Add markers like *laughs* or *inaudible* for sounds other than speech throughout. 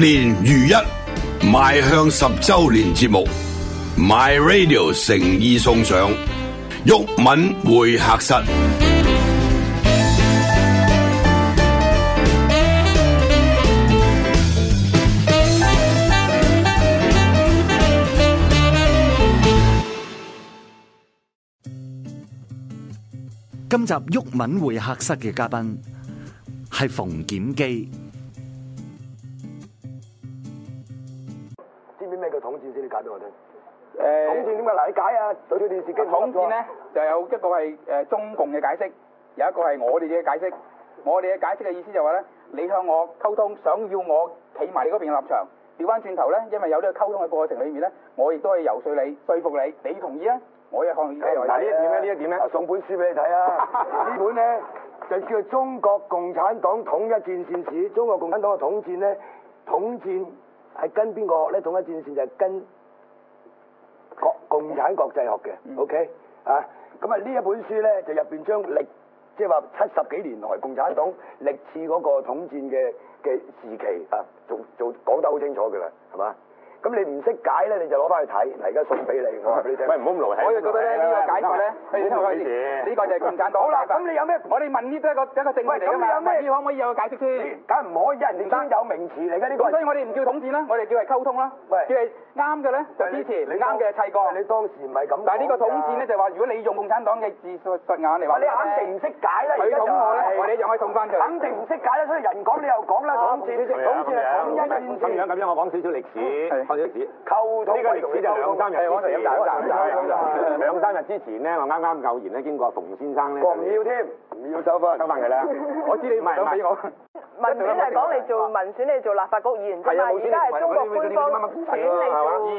年如一，邁向十周年節目，My Radio 誠意送上。毓民會客室。今集毓民會客室嘅嘉賓係馮檢基。先咧就有一個係誒、呃、中共嘅解釋，有一個係我哋嘅解釋。我哋嘅解釋嘅意思就係話咧，你向我溝通，想要我企埋你嗰邊嘅立場。掉翻轉頭咧，因為有呢個溝通嘅過程裡面咧，我亦都係遊説你、說服你，你同意啊？我亦可以。解來。嗱呢一點咧，呢一點咧，送本書俾你睇啊！ *laughs* 本呢本咧就叫《中國共產黨統一戰線史》。中國共產黨嘅統戰咧，統戰係跟邊個學咧？統一戰線就係跟國共產國際學嘅。O K。啊，咁啊呢一本書咧就入邊將歷即係話七十幾年來共產黨歷次嗰個統戰嘅，嘅時期啊，做做講得好清楚噶啦，係嘛？咁你唔識解咧，你就攞翻去睇。而家送俾你，唔好咁勞氣。我覺得咧呢個解法咧，呢個就係共產黨。好啦，咁你有咩？我哋問呢一個一個證據嚟啊嘛。咁有咩？可唔可以有個解釋先？梗唔可以一人佔有名詞嚟㗎。咁所以我哋唔叫統戰啦，我哋叫係溝通啦。喂，叫係啱嘅咧就支持，你啱嘅砌過。你當時唔係咁講。但係呢個統戰咧就話，如果你用共產黨嘅字眼嚟話咧，佢統我咧，我哋可以送翻佢。肯定唔識解啦，所以人講你又講啦，統戰你戰統一戰線。咁樣咁樣，我講少少歷史。呢個歷史，呢個歷史就兩三日前，兩三日之前咧，我啱啱偶然咧，經過馮先生咧，我唔要添，收翻佢啦，我知你唔想俾我。你嗰啲係講你做民選，你做立法局議員，但係而家係中國官方。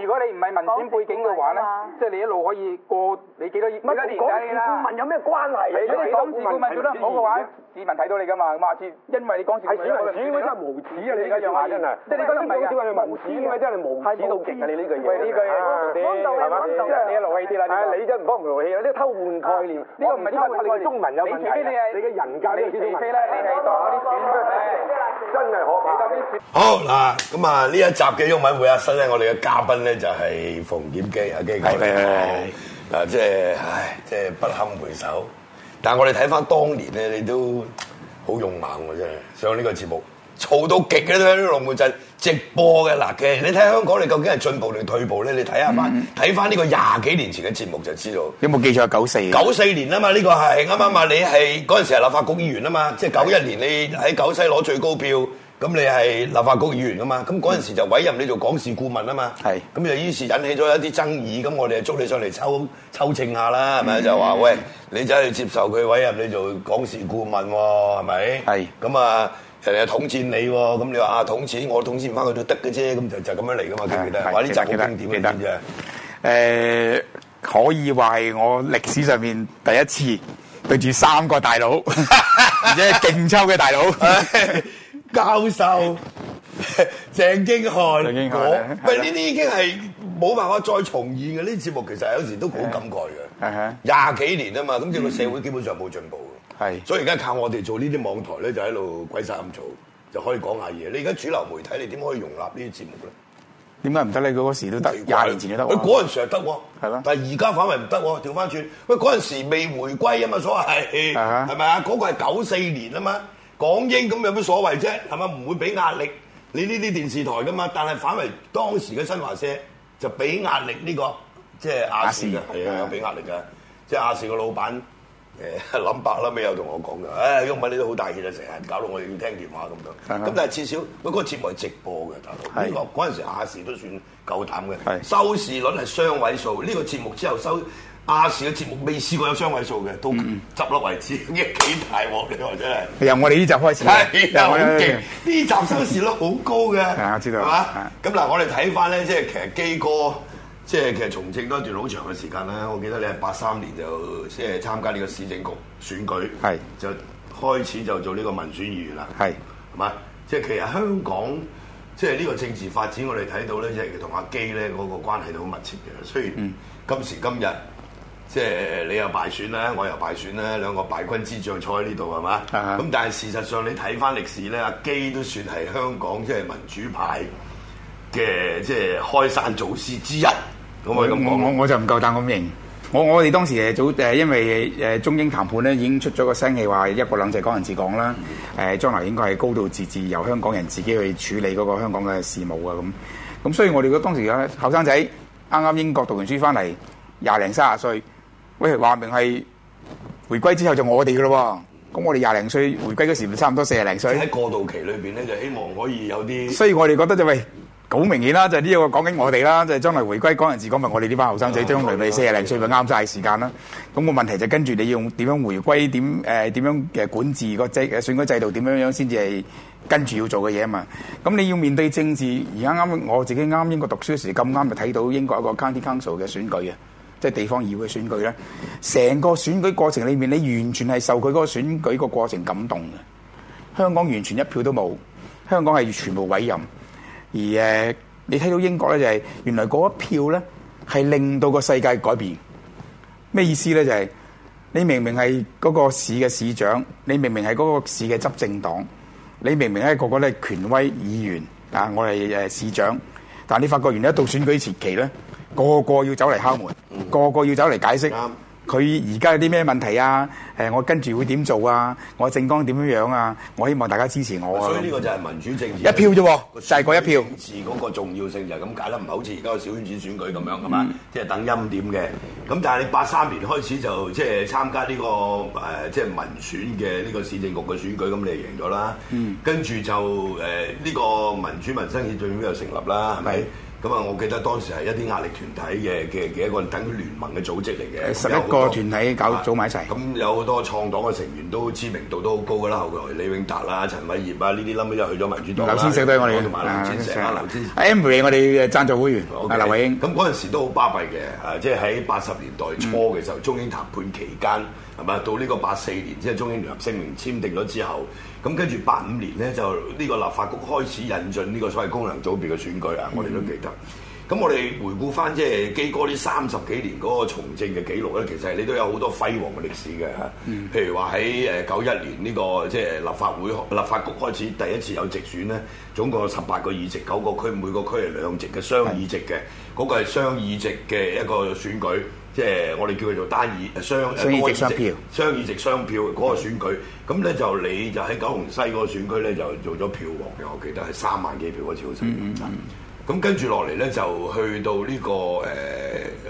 如果你唔係民選背景嘅話咧，即係你一路可以過你幾多億乜嘢？講自民有咩關係？你你講自問做得唔好嘅話，市民睇到你㗎嘛？下次因為你講自問，民問真係無恥啊！你呢句話真係，即係你講自問係無恥，咪真係無恥到極啊！你呢句嘢，你呢句嘢，你係嘛？即係你勞氣啲啦，你真唔幫唔勞氣，你都偷換概念。呢個唔係偷換概念，中文有問題，你嘅人格呢個你當好嗱，咁啊呢一集嘅幽文會壓新咧，我哋嘅嘉賓咧就係馮檢基阿基哥。係嗱，即係唉，即係不堪回首。但係我哋睇翻當年咧，你都好勇猛喎，真係上呢個節目。嘈到極嘅都喺啲龍門陣直播嘅嗱嘅，你睇香港你究竟係進步定退步咧？你睇下翻睇翻呢個廿幾年前嘅節目就知道。有冇記錯？九四九四年啊嘛，呢、呢個係啱啱嘛。嗯、啱啱你係嗰陣時立法局議員啊嘛，即係九一年你喺九西攞最高票，咁你係立法局議員啊嘛。咁嗰陣時就委任你做港事顧問啊嘛。係咁就於是引起咗一啲爭議，咁我哋就捉你上嚟抽抽秤下啦，係咪、嗯嗯、就話喂，你走去接受佢委任你做港事顧問喎，係咪？係咁啊！嗯嗯嗯成日統戰你喎，咁你話啊統戰，我統戰唔翻佢都得嘅啫，咁就就咁樣嚟噶嘛，記唔記得？呢集好經典嘅片啫。誒，可以話係我歷史上面第一次對住三個大佬，而且勁抽嘅大佬，教授鄭經翰，我，唔係呢啲已經係冇辦法再重現嘅。呢啲節目其實有時都好感慨嘅，廿幾年啊嘛，咁叫個社會基本上冇進步。係，是所以而家靠我哋做呢啲網台咧，就喺度鬼殺咁嘈，就可以講下嘢。你而家主流媒體，你點可以容納呢啲節目咧？點解唔得？你、那、嗰、個、時都得，廿怪年前都得。嗰陣、哎、時得喎，係咯嗎。但係而家反為唔得喎，調翻轉。喂，嗰陣時未回歸啊嘛，所謂係，係咪啊？嗰嗎個係九四年啊嘛，港英咁有乜所謂啫？係咪唔會俾壓力你呢啲電視台噶嘛？但係反為當時嘅新華社就俾壓力呢、這個，即係亞視嘅，係啊時，有俾壓力嘅，即係亞視個老闆。誒諗白啦，未有同我講嘅，唉，因為你都好大熱啊，成日搞到我要聽電話咁樣。咁但係至少，我嗰個節目係直播嘅，大佬。呢個嗰陣時亞視都算夠膽嘅。收視率係雙位數，呢個節目之後收亞視嘅節目未試過有雙位數嘅，都執笠為止。幾大鑊你我真係。由我哋呢集開始，係呢集收視率好高嘅，係啊，我知道。係嘛？咁嗱，我哋睇翻咧，即係其實基哥。即係其實從政一段好長嘅時間啦。我記得你係八三年就即係參加呢個市政局選舉，是就開始就做呢個民選議員啦。係是，係嘛？即係其實香港即係呢個政治發展我，我哋睇到咧，即係同阿基咧嗰個關係都好密切嘅。雖然今時今日，即、就、係、是、你又敗選啦，我又敗選啦，兩個敗軍之將坐喺呢度係嘛？咁是但係事實上你睇翻歷史咧，阿基都算係香港即係、就是、民主派嘅即係開山祖師之一。我我我我就唔夠膽咁認，我我哋當時誒早誒、呃，因為誒、呃、中英談判咧已經出咗個聲氣話一國兩制、港人治港啦，誒、呃、將來應該係高度自治，由香港人自己去處理嗰個香港嘅事務啊咁。咁所以我哋當時嘅，後生仔啱啱英國讀完書翻嚟，廿零卅歲，喂，話明係回歸之後就我哋噶咯喎。咁我哋廿零歲回歸嗰時差唔多四十零歲。喺過渡期裏邊咧，就希望可以有啲。所以我哋覺得就喂！」好明顯啦，就係、是、呢個講緊我哋啦，就係、是、將來回歸嗰陣時講埋我哋呢班後生仔，將來你四廿零歲咪啱晒時間啦。咁個問題就係跟住你要點樣回歸，點誒點樣嘅、呃、管治個制選舉制度點樣樣先至係跟住要做嘅嘢啊嘛。咁你要面對政治，而家啱我自己啱英國讀書時咁啱就睇到英國一個 County Council 嘅選舉啊，即係地方議會選舉咧。成個選舉過程裏面，你完全係受佢嗰個選舉個過程感動嘅。香港完全一票都冇，香港係全部委任。而誒，你睇到英國咧、就是，就係原來嗰一票咧，係令到個世界改變。咩意思咧？就係、是、你明明係嗰個市嘅市長，你明明係嗰個市嘅執政黨，你明明係個個咧權威議員啊！我係誒市長，但你發覺原來一到選舉前期咧，個個要走嚟敲門，個個要走嚟解釋。嗯，個個佢而家有啲咩問題啊？誒、呃，我跟住會點做啊？我政綱點樣樣啊？我希望大家支持我啊！所以呢個就係民主政治一票啫，就係嗰一票。是嗰個重要性就係咁解啦，唔係好似而家小圈子選舉咁樣係嘛？嗯、即係等欽點嘅。咁但係你八三年開始就即係、就是、參加呢、這個誒即係民選嘅呢、這個市政局嘅選舉，咁你就贏咗啦。嗯，跟住就誒呢、呃這個民主民生協進會成立啦，係咪、嗯？咁啊！我記得當時係一啲壓力團體嘅嘅嘅一個等於聯盟嘅組織嚟嘅，十一個團體搞組埋一齊。咁、啊、有好多創黨嘅成員都知名度都好高噶啦。後來李永達啦、陳偉業啊呢啲冧都又去咗民主黨啦。劉先生都我哋，同埋林先生啊，劉先生。M V 我哋嘅贊助會員，啊 okay, 劉慧英。咁嗰陣時都好巴閉嘅，啊即係喺八十年代初嘅時候，嗯、中英談判期間。係咪到呢個八四年，即係中英聯合聲明簽訂咗之後，咁跟住八五年咧就呢個立法局開始引進呢個所謂功能組別嘅選舉啊，我哋都記得。嗯 *laughs* 咁我哋回顧翻即係基哥呢三十幾年嗰個從政嘅記錄咧，其實你都有好多輝煌嘅歷史嘅嚇。嗯、譬如話喺誒九一年呢、這個即係、就是、立法會立法局開始第一次有直選咧，總共有十八個議席，九個區每個區係兩席嘅雙議席嘅，嗰個係雙議席嘅一個選舉，即、就、係、是、我哋叫佢做單議雙雙、啊、議席雙議席雙票，雙議席雙票嗰個選舉。咁咧就你就喺九龍西嗰個選區咧就做咗票王嘅，我記得係三萬幾票嗰次選。那個咁跟住落嚟咧，就去到呢個誒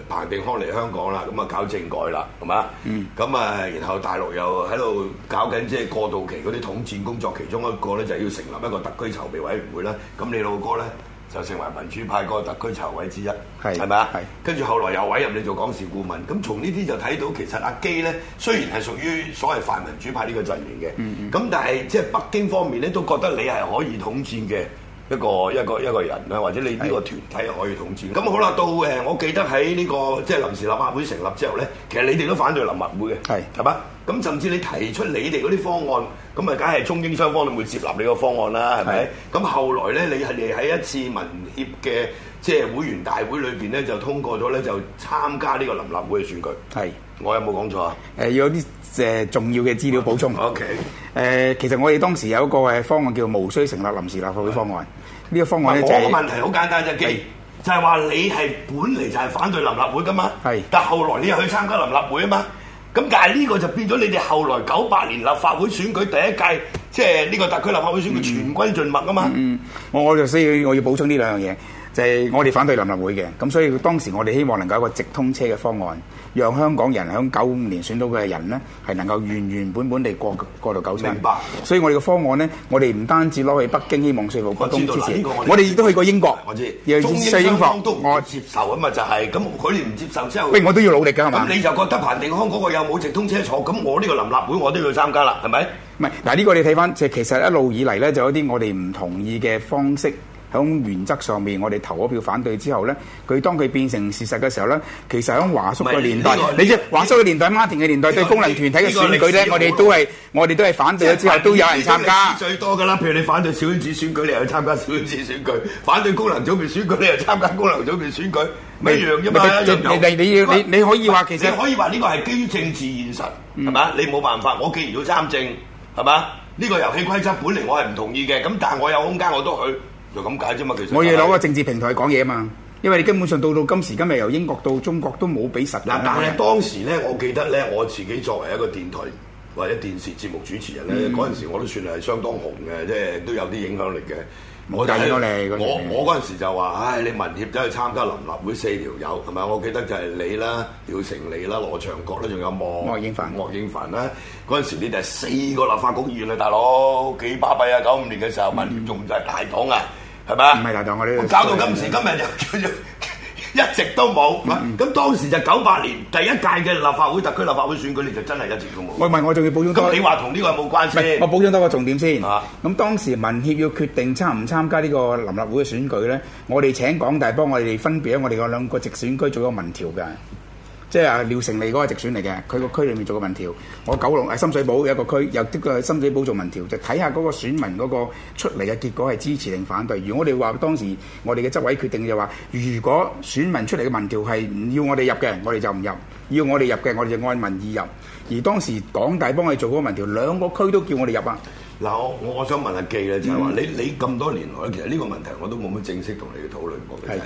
彭定康嚟香港啦，咁啊搞政改啦，係咪啊？嗯。咁啊，然後大陸又喺度搞緊即係過渡期嗰啲統戰工作，其中一個咧就要成立一個特區籌備委員會啦。咁你老哥咧就成為民主派個特區籌委之一，係係咪啊？係。跟住後來又委任你做港事顧問，咁從呢啲就睇到其實阿基咧雖然係屬於所謂泛民主派呢個陣營嘅，咁、嗯嗯、但係即係北京方面咧，都覺得你係可以統戰嘅。一個一個一個人咧，或者你呢個團體可以統治。咁的好啦，到誒，我記得喺呢、這個即係、就是、臨時立法會成立之後咧，其實你哋都反對臨立會嘅，係係嘛？咁吧甚至你提出你哋嗰啲方案，咁啊，梗係中英雙方都唔會接納你個方案啦，係咪？咁的後來咧，你係嚟喺一次民協嘅即係會員大會裏邊咧，就通過咗咧，就參加呢個臨立會嘅選舉。係的，我有冇講錯啊？誒、呃，要有啲誒、呃、重要嘅資料補充。O Okay K。誒、呃，其實我哋當時有一個誒方案叫無需成立臨時立法會方案。的我個問題好簡單啫，是就係話你係本嚟就係反對臨立會噶嘛，是但後來你又去參加臨立會啊嘛，咁但係呢個就變咗你哋後來九八年立法會選舉第一屆，即係呢個特區立法會選舉全軍盡墨啊嘛嗯。嗯，我我就需要我要補充呢兩樣嘢。就係我哋反對臨立會嘅，咁所以當時我哋希望能夠有一個直通車嘅方案，讓香港人響九五年選到佢嘅人呢，係能夠原原本本，本地過過渡九七。明白。所以我哋嘅方案呢，我哋唔單止攞去北京，希望說服國務院，支持我哋亦都去過英國。我知。中英雙方都唔接受嘛，咁嘛就係、是、咁，佢哋唔接受之、就、後、是。喂，我都要努力㗎嘛。咁你就覺得彭定康嗰個有冇直通車坐？咁我呢個臨立會，我都要參加啦，係咪？唔係，嗱呢個你睇翻，即係其實一路以嚟呢，就有啲我哋唔同意嘅方式。喺原則上面，我哋投嗰票反對之後咧，佢當佢變成事實嘅時候咧，其實喺華叔嘅年代，你知華叔嘅年代、馬田嘅年代對功能團體嘅選舉咧，我哋都係我哋都係反對咗之後，都有人參加最多噶啦。譬如你反對小圈子選舉，你又去參加小圈子選舉；反對功能組別選舉，你又參加功能組別選舉，咪一樣啫嘛。你你你你可以話，其實可以話呢個係基於政治現實，係嘛？你冇辦法，我既然要參政，係嘛？呢個遊戲規則本嚟我係唔同意嘅，咁但係我有空間我都去。就咁解啫嘛，其實我要攞個政治平台講嘢啊嘛，因為你根本上到到今時今日，由英國到中國都冇俾實。嗱，但係當時咧，嗯、我記得咧，我自己作為一個電台或者電視節目主持人咧，嗰陣、嗯、時我都算係相當紅嘅，即係都有啲影響力嘅。我睇到你，我我嗰陣時就話，唉，你民協走去參加臨立會四條友，係咪？我記得就係你啦、廖成利啦、羅長國啦，仲有莫莫英，莫英凡、莫英凡啦。嗰陣時你哋係四個立法局議員哥哥啊，大佬幾巴閉啊！九五年嘅時候，民協仲就係大黨啊！係嘛？唔係大堂，我啲搞到今時、嗯、今日就 *laughs* 一直都冇。咁、嗯、當時就九八年第一屆嘅立法會特區立法會選舉，你就真係一直都冇。喂，唔係我仲要補充多個。咁你話同呢個有冇關係？我補充多個重點先。咁、啊、當時民協要決定參唔參加呢個臨立會嘅選舉咧，我哋請港大幫我哋分別喺我哋個兩個直選區做咗個民調嘅。即係廖成利嗰個直選嚟嘅，佢個區裏面做個民調。我九龍喺深水埗有一個區，又啲個深水埗做民調，就睇下嗰個選民嗰個出嚟嘅結果係支持定反對。如果我哋話當時我哋嘅執委決定就話，如果選民出嚟嘅民調係唔要我哋入嘅，我哋就唔入；要我哋入嘅，我哋就按民意入。而當時港大幫我做嗰個民調，兩個區都叫我哋入啊。嗱、嗯，我我想問下基啦，就係、是、話你你咁多年來，其實呢個問題我都冇乜正式同你去討論過嘅。係。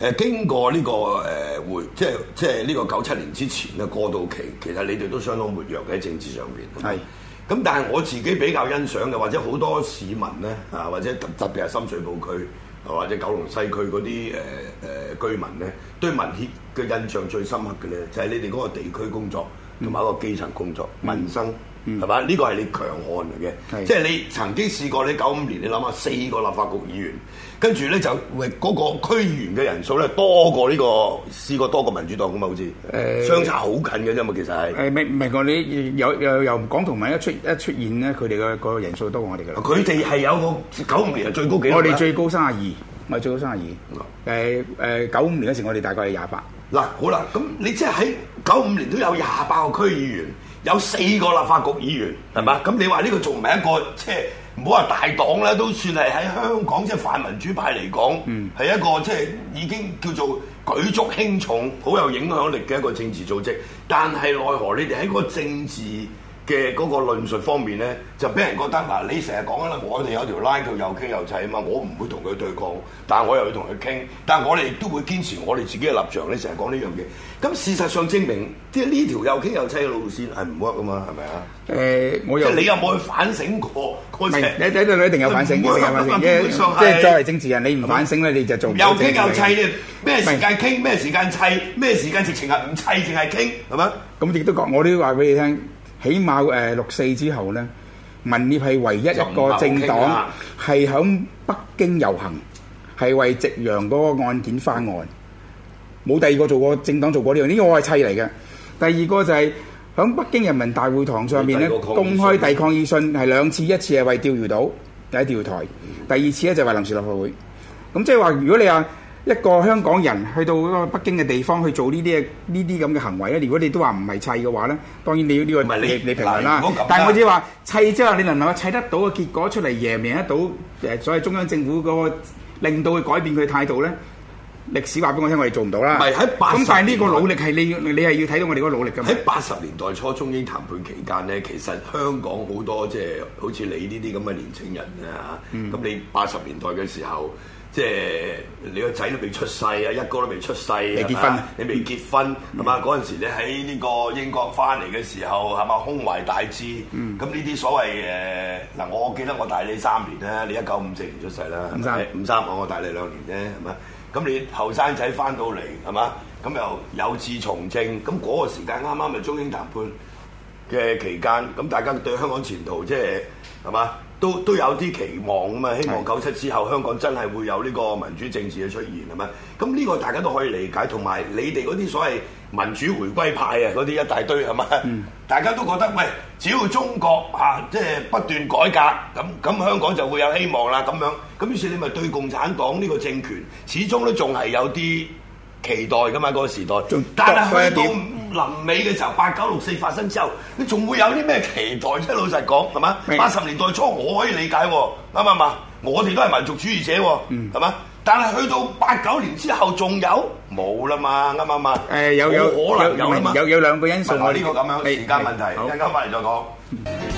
誒經過呢、這個誒會、呃，即係即係呢個九七年之前嘅過渡期，其實你哋都相當活躍嘅喺政治上邊。係是，咁但係我自己比較欣賞嘅，或者好多市民咧啊，或者特別係深水埗區或者九龍西區嗰啲誒誒居民咧，對民協嘅印象最深刻嘅咧，就係、是、你哋嗰個地區工作同埋一個基層工作、嗯、民生。係嘛？呢個係你強項嚟嘅，是的 即係你曾經試過。你九五年你諗下，四個立法局議員，跟住咧就誒、是、嗰、那個區議員嘅人數咧多過呢、這個試過多過民主黨咁。嘛？好似誒相差好近嘅啫嘛，其實係、呃、明明講你有有又港同盟一出一出現咧，佢哋嘅個人數多過我哋嘅啦。佢哋係有個九五年係最高幾？我哋最高三十二，唔咪最高三十二。誒誒、嗯，九五、uh, 年嗰時我哋大概係廿八。嗱、啊、好啦，咁你即係喺。九五年都有廿八個區議員，有四個立法局議員，係嘛？咁你話呢個仲唔係一個即係唔好話大黨咧，都算係喺香港即係泛民主派嚟講，係、嗯、一個即係已經叫做舉足輕重、好有影響力嘅一個政治組織。但係奈何你哋喺個政治嘅嗰個論述方面咧，就俾人覺得嗱，你成日講啦，我哋有條 line 又傾又砌啊嘛，我唔會同佢對抗，但係我又要同佢傾，但係我哋亦都會堅持我哋自己嘅立場。你成日講呢樣嘢，咁事實上證明，即係呢條又傾又砌嘅路線係唔 work 噶嘛？係咪啊？誒，我有你有冇去反省過？你你對你一定有反省過，反即係作為政治人，你唔反省咧，你就做又傾又砌嘅，咩時間傾，咩時間砌，咩時間直情係唔砌，淨係傾係嘛？咁亦都講我都話俾你聽。起碼誒六四之後咧，民協係唯一一個政黨係喺北京遊行，係為夕陽嗰個案件翻案，冇第二個做過政黨做過呢、這、樣、個。呢個我係砌嚟嘅。第二個就係、是、喺北京人民大會堂上面咧公開遞抗議信，係兩次，一次係為釣魚島，第一釣魚台；第二次咧就為臨時立法會，會。咁即係話，如果你話。一個香港人去到個北京嘅地方去做呢啲嘢，呢啲咁嘅行為咧，如果你都話唔係砌嘅話咧，當然你要呢個唔係你你評論啦。不但係我只係話砌之後你能夠砌得到嘅結果出嚟，贏唔贏得到誒，所謂中央政府個令到佢改變佢態度咧。歷史話俾我聽，我哋做唔到啦。唔係喺但係呢個努力係你，你係要睇到我哋嗰個努力㗎。喺八十年代初中英談判期間咧，其實香港好多即係好似你呢啲咁嘅年青人啊咁、嗯、你八十年代嘅時候。即係你個仔都未出世啊，一哥都未出世。你結婚，你未結婚，係嘛、嗯？嗰陣時你喺呢個英國翻嚟嘅時候，係嘛？胸懷大志，咁呢啲所謂誒嗱、呃，我記得我大你三年啦，你一九五四年出世啦，五三五三，五三？五三，我我大你兩年啫，係嘛？咁你後生仔翻到嚟係嘛？咁又有志從政，咁嗰個時間啱啱咪中英談判嘅期間，咁大家對香港前途即係係嘛？即係都都有啲期望啊嘛，希望九七之後香港真係會有呢個民主政治嘅出現係嘛？咁呢個大家都可以理解，同埋你哋嗰啲所謂民主回歸派啊嗰啲一大堆係嘛？嗯、大家都覺得喂，只要中國啊即係、就是、不斷改革，咁咁香港就會有希望啦咁樣。咁於是你咪對共產黨呢個政權始終都仲係有啲期待㗎嘛？嗰、那個時代，但係去、嗯、到。臨尾嘅時候，八九六四發生之後，你仲會有啲咩期待啫？老實講，係嘛？八十白年代初我可以理解，啱唔啱？嗯、我哋都係民族主義者，係嘛？但係去到八九年之後，仲有冇啦嘛？啱唔啱？誒、嗯，有有有有有兩個因素，呢個咁樣嘅時間問題，一陣間翻嚟再講。 *laughs*